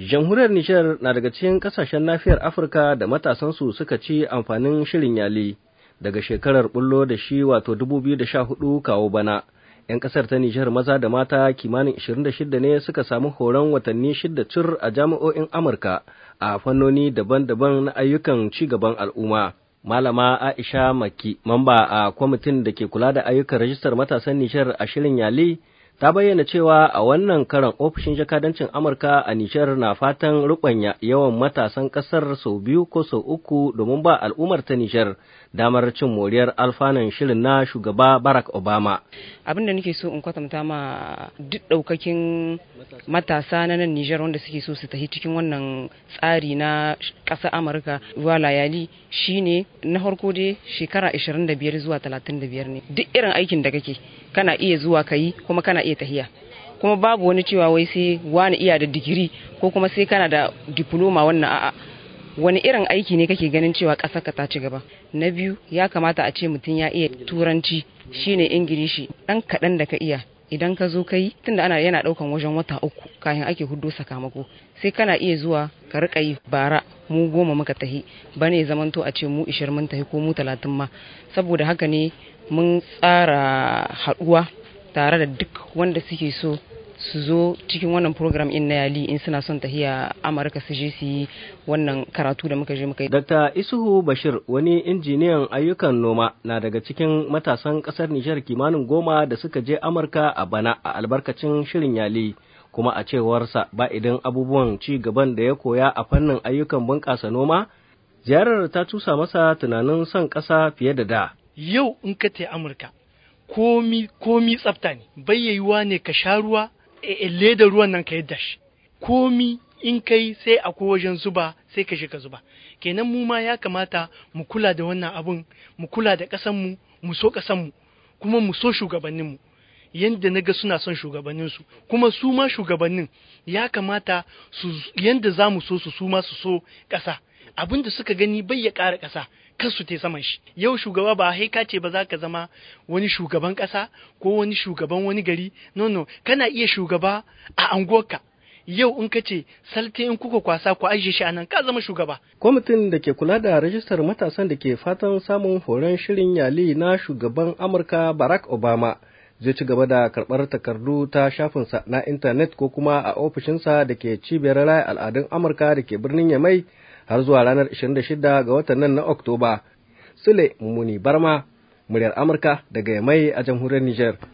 Jamhuriyar Nijar na daga cikin ƙasashen nafiyar Afirka da matasansu suka ci amfanin shirin yali daga shekarar bullo da shi wato 2014 kawo bana. 'Yan ƙasar ta Nijar maza da mata kimanin 26 ne suka samu horon watanni shida cir a jami'o'in Amurka a fannoni daban-daban na ayyukan ci gaban al'umma. Malama Aisha Maki, mamba a kwamitin da ke kula da ayyukan rajistar matasan Nijar a shirin Yali, ta bayyana cewa a wannan karan ofishin jakadancin Amurka a Nishar na fatan rubanya yawan matasan ƙasar sau biyu ko sau uku domin ba al'ummar ta Nishar damar cin moriyar alfanan shirin na shugaba Barack Obama. Abin da nake so in kwatanta ma duk ɗaukakin matasa na nan Nijar wanda suke so su tafi cikin wannan tsari na ƙasa Amurka zuwa layali shine na farko dai shekara 25 zuwa 35 ne. Duk irin aikin da kake kana iya zuwa kayi kuma kana iya tahiya kuma babu wani cewa wai sai wani iya da digiri ko kuma sai kana da diploma wannan a'a wani irin aiki ne kake ganin cewa ƙasar ka ta ci gaba na biyu ya kamata a ce mutum ya iya turanci shine ingilishi dan kaɗan da ka iya idan ka zo kai tunda ana yana ɗaukan wajen wata uku kayan ake hudu sakamako sai kana iya zuwa ka rika yi bara mu goma muka tahi ya zamanto a ce mu ishirin mun tahi ko mu talatin ma saboda haka ne mun tsara haɗuwa tare da duk wanda suke so su zo cikin wannan program in na yali in suna son tahiya amurka su je su yi wannan karatu da muka je muka yi. Dr. Isuhu Bashir wani injiniyan ayyukan noma na daga cikin matasan kasar Nijar kimanin goma da suka je Amurka a bana a albarkacin shirin yali kuma a cewarsa ba idan abubuwan ci gaban da ya koya a fannin ayyukan bunƙasa noma ziyarar ta tusa masa tunanin son ƙasa fiye da da. Yau in ka Amurka komi komi tsafta ne yiwa ne ka sha ruwa e eh, eh, da ruwan nan ka yadda shi komi in kai sai akwai wajen zuba sai ka shiga zuba kenan mu ma ya kamata mu kula da wannan abun mu kula da ƙasanmu mu so ƙasanmu kuma mu so shugabanninmu yanda na ga suna son shugabanninsu kuma su ma shugabannin ya kamata su yanda za mu so su su ma su so ƙasa abin da suka gani bai ya ƙara ƙasa kar su te saman shi yau shugaba ba haika ce ba za ka zama wani shugaban ƙasa ko wani shugaban wani gari no no kana iya shugaba a anguwarka yau in ka ce salte in kuka kwasa ku ajiye shi anan ka zama shugaba. Kwamitin da ke kula da rajistar matasan da ke fatan samun horon shirin yali na shugaban Amurka Barack Obama zai ci gaba da karɓar takardu ta shafinsa na intanet ko kuma a ofishinsa da ke cibiyar raya al'adun Amurka da ke birnin Yamai har zuwa ranar 26 ga watan nan na Oktoba. Sule muni Barma, muryar Amurka daga Yamai a jamhuriyar Nijar.